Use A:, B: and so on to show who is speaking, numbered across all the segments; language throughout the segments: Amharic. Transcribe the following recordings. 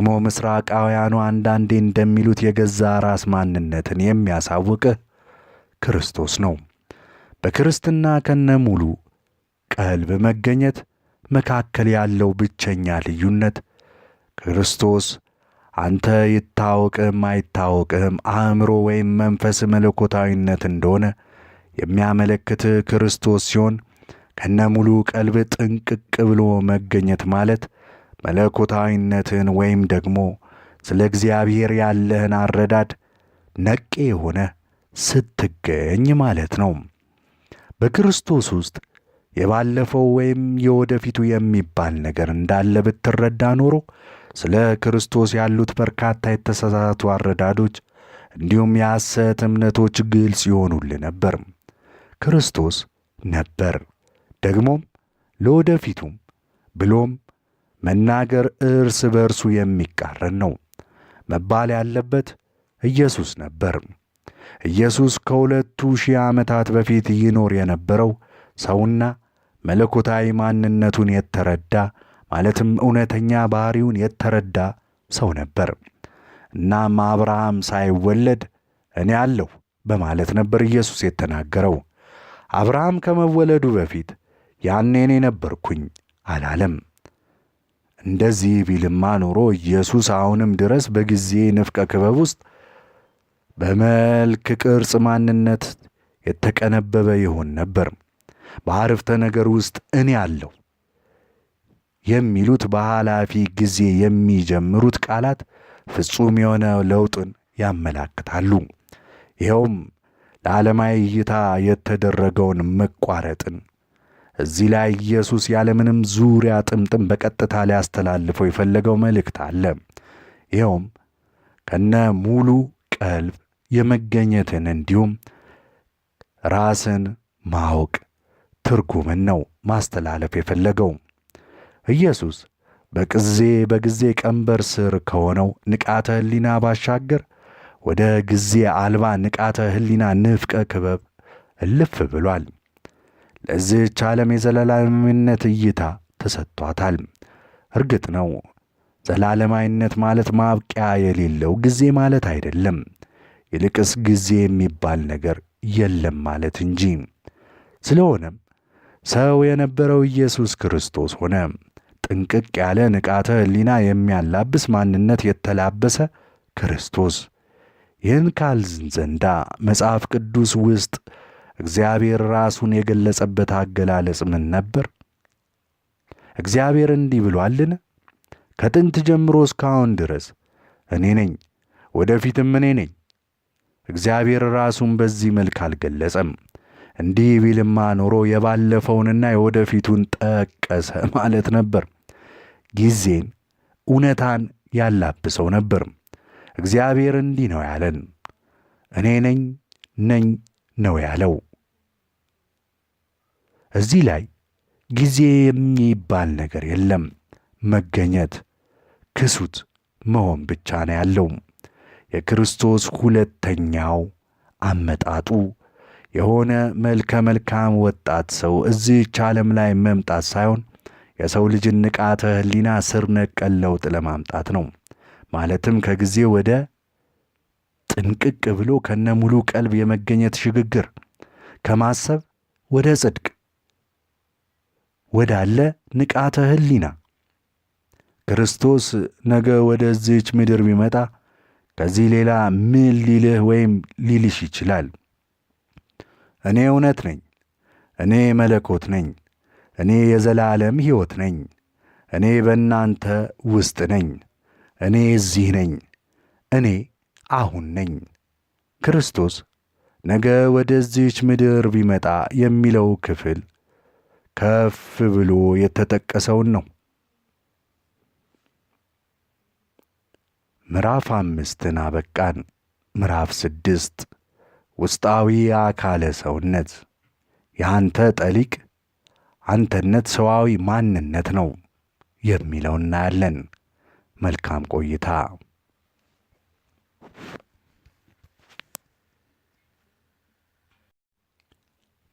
A: ደግሞ ምስራቃውያኑ አንዳንዴ እንደሚሉት የገዛ ራስ ማንነትን የሚያሳውቅህ ክርስቶስ ነው። በክርስትና ከነ ሙሉ ቀልብ መገኘት መካከል ያለው ብቸኛ ልዩነት ክርስቶስ አንተ ይታወቅህም አይታወቅህም አእምሮ ወይም መንፈስ መለኮታዊነት እንደሆነ የሚያመለክት ክርስቶስ ሲሆን ከነ ሙሉ ቀልብ ጥንቅቅ ብሎ መገኘት ማለት መለኮታዊነትህን ወይም ደግሞ ስለ እግዚአብሔር ያለህን አረዳድ ነቄ የሆነ ስትገኝ ማለት ነው። በክርስቶስ ውስጥ የባለፈው ወይም የወደፊቱ የሚባል ነገር እንዳለ ብትረዳ ኖሮ ስለ ክርስቶስ ያሉት በርካታ የተሳሳቱ አረዳዶች እንዲሁም የሐሰት እምነቶች ግልጽ ይሆኑል ነበር። ክርስቶስ ነበር ደግሞም ለወደፊቱም ብሎም መናገር እርስ በእርሱ የሚቃረን ነው። መባል ያለበት ኢየሱስ ነበር። ኢየሱስ ከሁለቱ ሺህ ዓመታት በፊት ይኖር የነበረው ሰውና መለኮታዊ ማንነቱን የተረዳ ማለትም እውነተኛ ባሕሪውን የተረዳ ሰው ነበር። እናም አብርሃም ሳይወለድ እኔ አለሁ በማለት ነበር ኢየሱስ የተናገረው። አብርሃም ከመወለዱ በፊት ያኔ እኔ ነበርኩኝ አላለም። እንደዚህ ቢልማ ኖሮ ኢየሱስ አሁንም ድረስ በጊዜ ንፍቀ ክበብ ውስጥ በመልክ ቅርጽ ማንነት የተቀነበበ ይሆን ነበር። በአረፍተ ነገር ውስጥ እኔ አለው የሚሉት በኃላፊ ጊዜ የሚጀምሩት ቃላት ፍጹም የሆነ ለውጥን ያመላክታሉ። ይኸውም ለዓለማዊ እይታ የተደረገውን መቋረጥን እዚህ ላይ ኢየሱስ ያለምንም ዙሪያ ጥምጥም በቀጥታ ሊያስተላልፈው የፈለገው መልእክት አለ። ይኸውም ከነ ሙሉ ቀልብ የመገኘትን እንዲሁም ራስን ማወቅ ትርጉምን ነው ማስተላለፍ የፈለገው። ኢየሱስ በቅዜ በጊዜ ቀንበር ስር ከሆነው ንቃተ ህሊና ባሻገር ወደ ጊዜ አልባ ንቃተ ህሊና ንፍቀ ክበብ እልፍ ብሏል። ለዚህች ዓለም የዘላለማዊነት እይታ ተሰጥቷታል። እርግጥ ነው ዘላለማዊነት ማለት ማብቂያ የሌለው ጊዜ ማለት አይደለም። ይልቅስ ጊዜ የሚባል ነገር የለም ማለት እንጂ። ስለሆነም ሰው የነበረው ኢየሱስ ክርስቶስ ሆነ። ጥንቅቅ ያለ ንቃተ ሕሊና የሚያላብስ ማንነት የተላበሰ ክርስቶስ። ይህን ካልን ዘንዳ መጽሐፍ ቅዱስ ውስጥ እግዚአብሔር ራሱን የገለጸበት አገላለጽ ምን ነበር? እግዚአብሔር እንዲህ ብሏልን? ከጥንት ጀምሮ እስካሁን ድረስ እኔ ነኝ፣ ወደፊትም እኔ ነኝ። እግዚአብሔር ራሱን በዚህ መልክ አልገለጸም። እንዲህ ቢልማ ኖሮ የባለፈውንና የወደፊቱን ጠቀሰ ማለት ነበር። ጊዜን እውነታን ያላብሰው ነበር። እግዚአብሔር እንዲህ ነው ያለን፣ እኔ ነኝ ነኝ ነው ያለው። እዚህ ላይ ጊዜ የሚባል ነገር የለም። መገኘት ክሱት መሆን ብቻ ነው ያለው። የክርስቶስ ሁለተኛው አመጣጡ የሆነ መልከ መልካም ወጣት ሰው እዚህች ዓለም ላይ መምጣት ሳይሆን የሰው ልጅን ንቃተ ሕሊና ስር ነቀል ለውጥ ለማምጣት ነው። ማለትም ከጊዜ ወደ ጥንቅቅ ብሎ ከነ ሙሉ ቀልብ የመገኘት ሽግግር ከማሰብ ወደ ጽድቅ ወዳለ ንቃተ ህሊና ክርስቶስ ነገ ወደዚች ምድር ቢመጣ ከዚህ ሌላ ምን ሊልህ ወይም ሊልሽ ይችላል? እኔ እውነት ነኝ፣ እኔ መለኮት ነኝ፣ እኔ የዘላለም ሕይወት ነኝ፣ እኔ በእናንተ ውስጥ ነኝ፣ እኔ እዚህ ነኝ፣ እኔ አሁን ነኝ። ክርስቶስ ነገ ወደዚች ምድር ቢመጣ የሚለው ክፍል ከፍ ብሎ የተጠቀሰውን ነው። ምዕራፍ አምስትን አበቃን። ምዕራፍ ስድስት ውስጣዊ አካለ ሰውነት የአንተ ጠሊቅ አንተነት ሰዋዊ ማንነት ነው የሚለው እናያለን። መልካም ቆይታ።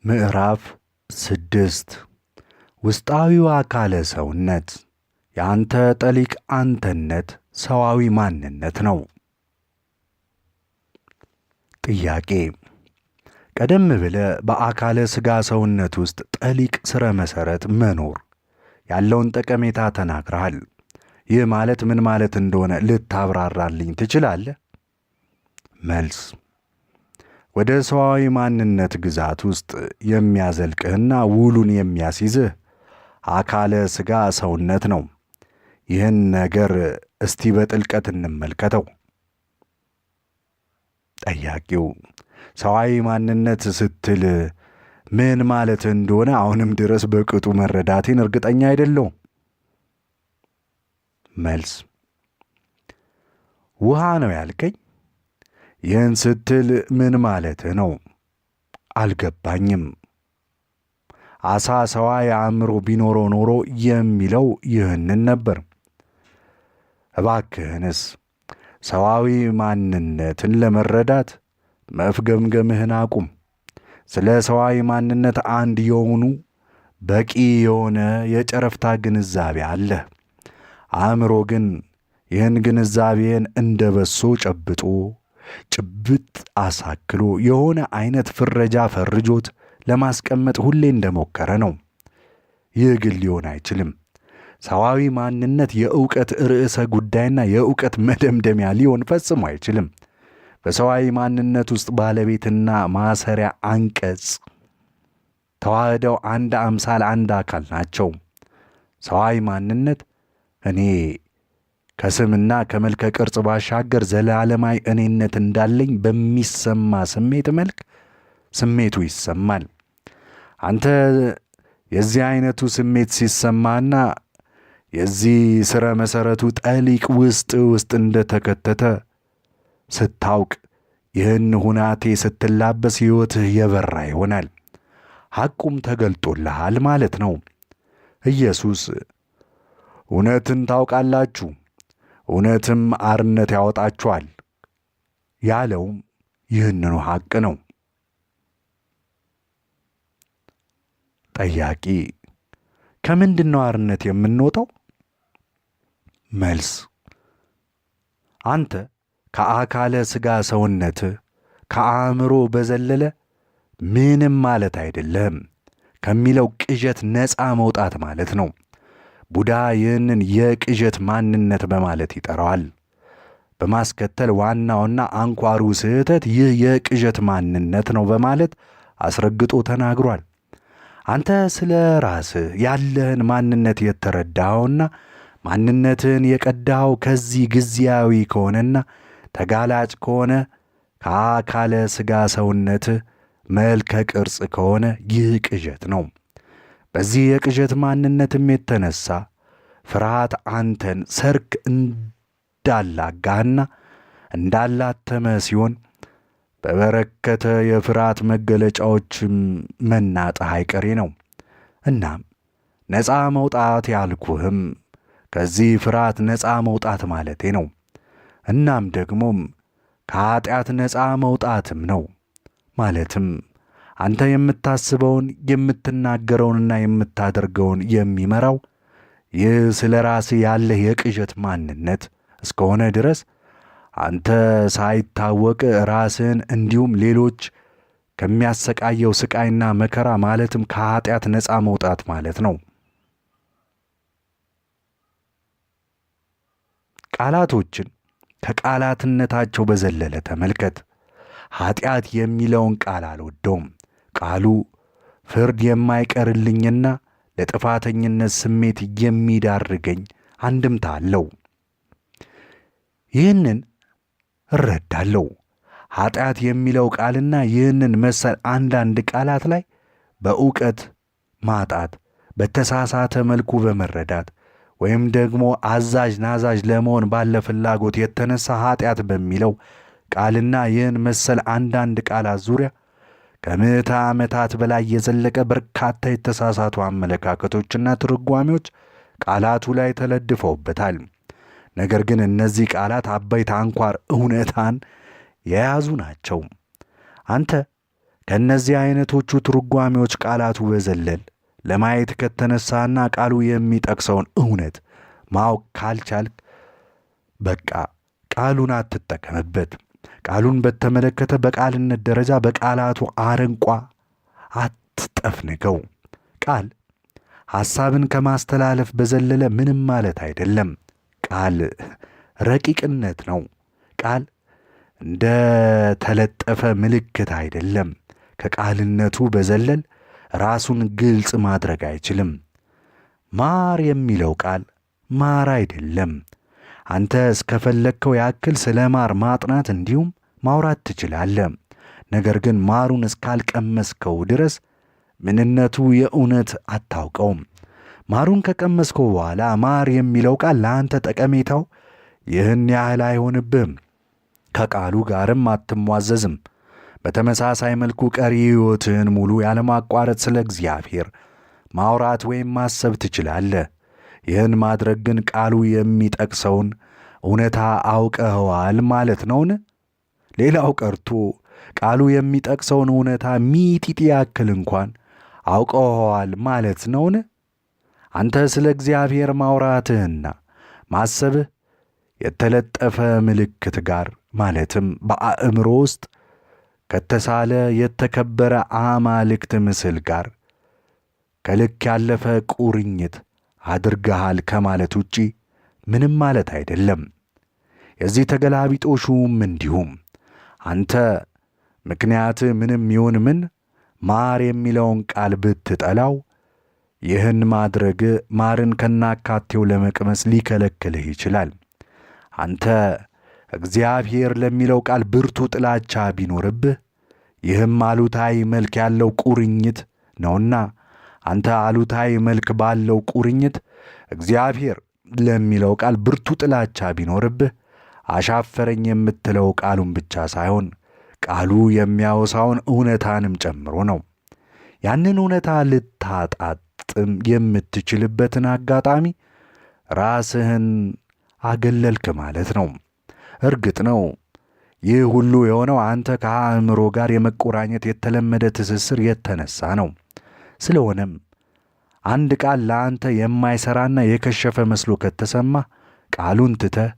A: ምዕራፍ ስድስት ውስጣዊው አካለ ሰውነት የአንተ ጠሊቅ አንተነት ሰዋዊ ማንነት ነው። ጥያቄ ቀደም ብለ በአካለ ሥጋ ሰውነት ውስጥ ጠሊቅ ሥረ መሠረት መኖር ያለውን ጠቀሜታ ተናግረሃል። ይህ ማለት ምን ማለት እንደሆነ ልታብራራልኝ ትችላለህ? መልስ ወደ ሰዋዊ ማንነት ግዛት ውስጥ የሚያዘልቅህና ውሉን የሚያስይዝህ አካለ ሥጋ ሰውነት ነው። ይህን ነገር እስቲ በጥልቀት እንመልከተው። ጠያቂው ሰዋዊ ማንነት ስትል ምን ማለት እንደሆነ አሁንም ድረስ በቅጡ መረዳቴን እርግጠኛ አይደለው? መልስ ውሃ ነው ያልከኝ? ይህን ስትል ምን ማለት ነው? አልገባኝም። አሳ ሰዋ የአእምሮ ቢኖረው ኖሮ የሚለው ይህንን ነበር። እባክህንስ ሰዋዊ ማንነትን ለመረዳት መፍገምገምህን አቁም። ስለ ሰዋዊ ማንነት አንድ የሆኑ በቂ የሆነ የጨረፍታ ግንዛቤ አለ። አእምሮ ግን ይህን ግንዛቤን እንደ በሶ ጨብጦ ጭብጥ አሳክሎ የሆነ አይነት ፍረጃ ፈርጆት ለማስቀመጥ ሁሌ እንደሞከረ ነው። ይህ ግን ሊሆን አይችልም። ሰዋዊ ማንነት የእውቀት ርዕሰ ጉዳይና የእውቀት መደምደሚያ ሊሆን ፈጽሞ አይችልም። በሰዋዊ ማንነት ውስጥ ባለቤትና ማሰሪያ አንቀጽ ተዋህደው አንድ አምሳል አንድ አካል ናቸው። ሰዋዊ ማንነት እኔ ከስምና ከመልከ ቅርጽ ባሻገር ዘላለማዊ እኔነት እንዳለኝ በሚሰማ ስሜት መልክ ስሜቱ ይሰማል። አንተ የዚህ አይነቱ ስሜት ሲሰማና የዚህ ሥረ መሠረቱ ጠሊቅ ውስጥ ውስጥ እንደተከተተ ስታውቅ ይህን ሁናቴ ስትላበስ ሕይወትህ የበራ ይሆናል። ሐቁም ተገልጦልሃል ማለት ነው። ኢየሱስ እውነትን ታውቃላችሁ፣ እውነትም አርነት ያወጣችኋል ያለውም ይህንኑ ሐቅ ነው። ጠያቂ። ከምንድን ነው አርነት የምንወጣው? መልስ አንተ ከአካለ ሥጋ ሰውነት ከአእምሮ በዘለለ ምንም ማለት አይደለም ከሚለው ቅዠት ነፃ መውጣት ማለት ነው። ቡዳ ይህንን የቅዠት ማንነት በማለት ይጠራዋል። በማስከተል ዋናውና አንኳሩ ስህተት ይህ የቅዠት ማንነት ነው በማለት አስረግጦ ተናግሯል። አንተ ስለ ራስህ ያለህን ማንነት የተረዳኸውና ማንነትህን የቀዳኸው ከዚህ ጊዜያዊ ከሆነና ተጋላጭ ከሆነ ከአካለ ሥጋ ሰውነትህ መልከ ቅርጽ ከሆነ ይህ ቅዠት ነው። በዚህ የቅዠት ማንነትም የተነሳ ፍርሃት አንተን ሰርክ እንዳላጋህና እንዳላተመ ሲሆን በበረከተ የፍርሃት መገለጫዎችም መናጠህ አይቀሬ ነው። እናም ነፃ መውጣት ያልኩህም ከዚህ ፍርሃት ነፃ መውጣት ማለቴ ነው። እናም ደግሞም ከኀጢአት ነፃ መውጣትም ነው። ማለትም አንተ የምታስበውን የምትናገረውንና የምታደርገውን የሚመራው ይህ ስለ ራስህ ያለህ የቅዠት ማንነት እስከሆነ ድረስ አንተ ሳይታወቅ ራስህን እንዲሁም ሌሎች ከሚያሰቃየው ስቃይና መከራ ማለትም ከኃጢአት ነፃ መውጣት ማለት ነው። ቃላቶችን ከቃላትነታቸው በዘለለ ተመልከት። ኃጢአት የሚለውን ቃል አልወደውም። ቃሉ ፍርድ የማይቀርልኝና ለጥፋተኝነት ስሜት የሚዳርገኝ አንድምታ አለው። ይህንን እረዳለሁ። ኃጢአት የሚለው ቃልና ይህንን መሰል አንዳንድ ቃላት ላይ በእውቀት ማጣት፣ በተሳሳተ መልኩ በመረዳት ወይም ደግሞ አዛዥ ናዛዥ ለመሆን ባለ ፍላጎት የተነሳ ኃጢአት በሚለው ቃልና ይህን መሰል አንዳንድ ቃላት ዙሪያ ከምዕተ ዓመታት በላይ የዘለቀ በርካታ የተሳሳቱ አመለካከቶችና ትርጓሜዎች ቃላቱ ላይ ተለድፈውበታል። ነገር ግን እነዚህ ቃላት አበይት አንኳር እውነታን የያዙ ናቸው። አንተ ከእነዚህ አይነቶቹ ትርጓሜዎች ቃላቱ በዘለል ለማየት ከተነሳና ቃሉ የሚጠቅሰውን እውነት ማወቅ ካልቻልክ በቃ ቃሉን አትጠቀምበት። ቃሉን በተመለከተ በቃልነት ደረጃ በቃላቱ አረንቋ አትጠፍንገው። ቃል ሐሳብን ከማስተላለፍ በዘለለ ምንም ማለት አይደለም። ቃል ረቂቅነት ነው። ቃል እንደ ተለጠፈ ምልክት አይደለም። ከቃልነቱ በዘለል ራሱን ግልጽ ማድረግ አይችልም። ማር የሚለው ቃል ማር አይደለም። አንተ እስከፈለግከው ያክል ስለ ማር ማጥናት እንዲሁም ማውራት ትችላለህ። ነገር ግን ማሩን እስካልቀመስከው ድረስ ምንነቱ የእውነት አታውቀውም። ማሩን ከቀመስኮ በኋላ ማር የሚለው ቃል ለአንተ ጠቀሜታው ይህን ያህል አይሆንብህም፣ ከቃሉ ጋርም አትሟዘዝም። በተመሳሳይ መልኩ ቀሪ ሕይወትህን ሙሉ ያለማቋረጥ ስለ እግዚአብሔር ማውራት ወይም ማሰብ ትችላለህ። ይህን ማድረግ ግን ቃሉ የሚጠቅሰውን እውነታ አውቀኸዋል ማለት ነውን? ሌላው ቀርቶ ቃሉ የሚጠቅሰውን እውነታ ሚጢጥ ያክል እንኳን አውቀኸዋል ማለት ነውን? አንተ ስለ እግዚአብሔር ማውራትህና ማሰብህ የተለጠፈ ምልክት ጋር ማለትም በአእምሮ ውስጥ ከተሳለ የተከበረ አማልክት ምስል ጋር ከልክ ያለፈ ቁርኝት አድርገሃል ከማለት ውጪ ምንም ማለት አይደለም። የዚህ ተገላቢጦሹም እንዲሁም አንተ ምክንያት ምንም ይሁን ምን ማር የሚለውን ቃል ብትጠላው ይህን ማድረግ ማርን ከናካቴው ለመቅመስ ሊከለክልህ ይችላል። አንተ እግዚአብሔር ለሚለው ቃል ብርቱ ጥላቻ ቢኖርብህ ይህም አሉታዊ መልክ ያለው ቁርኝት ነውና አንተ አሉታዊ መልክ ባለው ቁርኝት እግዚአብሔር ለሚለው ቃል ብርቱ ጥላቻ ቢኖርብህ አሻፈረኝ የምትለው ቃሉን ብቻ ሳይሆን ቃሉ የሚያወሳውን እውነታንም ጨምሮ ነው። ያንን እውነታ ልታጣ ልትገጥም የምትችልበትን አጋጣሚ ራስህን አገለልክ ማለት ነው። እርግጥ ነው ይህ ሁሉ የሆነው አንተ ከአእምሮ ጋር የመቆራኘት የተለመደ ትስስር የተነሳ ነው። ስለሆነም አንድ ቃል ለአንተ የማይሰራና የከሸፈ መስሎ ከተሰማ ቃሉን ትተህ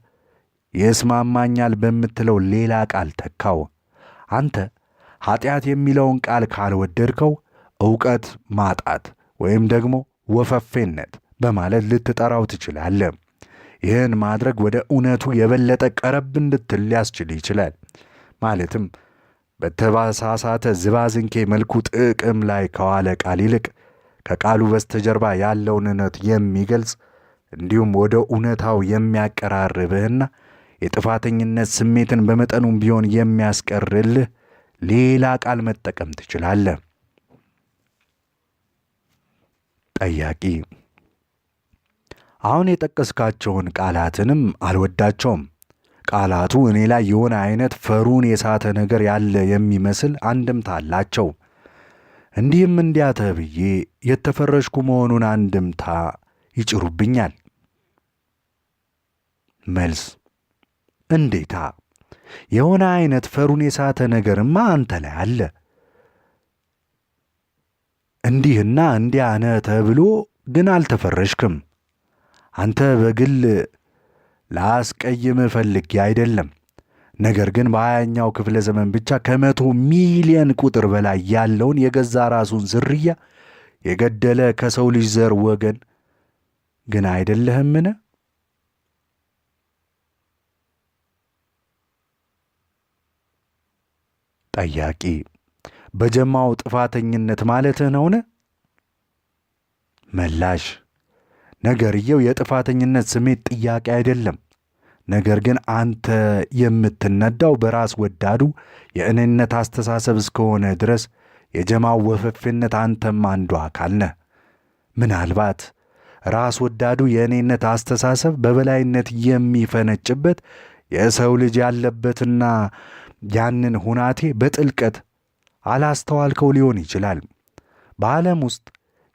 A: ይስማማኛል በምትለው ሌላ ቃል ተካው። አንተ ኀጢአት የሚለውን ቃል ካልወደድከው እውቀት ማጣት ወይም ደግሞ ወፈፌነት በማለት ልትጠራው ትችላለህ። ይህን ማድረግ ወደ እውነቱ የበለጠ ቀረብ እንድትል ሊያስችል ይችላል። ማለትም በተባሳሳተ ዝባዝንኬ መልኩ ጥቅም ላይ ከዋለ ቃል ይልቅ ከቃሉ በስተጀርባ ያለውን እውነት የሚገልጽ እንዲሁም ወደ እውነታው የሚያቀራርብህና የጥፋተኝነት ስሜትን በመጠኑም ቢሆን የሚያስቀርልህ ሌላ ቃል መጠቀም ትችላለህ። ጠያቂ። አሁን የጠቀስካቸውን ቃላትንም አልወዳቸውም። ቃላቱ እኔ ላይ የሆነ አይነት ፈሩን የሳተ ነገር ያለ የሚመስል አንድምታ አላቸው። እንዲህም እንዲያ ተብዬ የተፈረሽኩ መሆኑን አንድምታ ይጭሩብኛል። መልስ እንዴታ! የሆነ አይነት ፈሩን የሳተ ነገርማ አንተ ላይ አለ። እንዲህና እንዲያ ነህ ተብሎ ግን አልተፈረሽክም አንተ በግል ላስቀይም ፈልጌ አይደለም። ነገር ግን በሀያኛው ክፍለ ዘመን ብቻ ከመቶ ሚሊየን ቁጥር በላይ ያለውን የገዛ ራሱን ዝርያ የገደለ ከሰው ልጅ ዘር ወገን ግን አይደለህምን? ጠያቂ በጀማው ጥፋተኝነት ማለትህ ነውን? ምላሽ ነገርየው የጥፋተኝነት ስሜት ጥያቄ አይደለም። ነገር ግን አንተ የምትነዳው በራስ ወዳዱ የእኔነት አስተሳሰብ እስከሆነ ድረስ የጀማው ወፈፌነት አንተም አንዱ አካል ነህ። ምናልባት ራስ ወዳዱ የእኔነት አስተሳሰብ በበላይነት የሚፈነጭበት የሰው ልጅ ያለበትና ያንን ሁናቴ በጥልቀት አላስተዋልከው ሊሆን ይችላል። በዓለም ውስጥ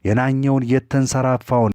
A: የናኘውን የተንሰራፋውን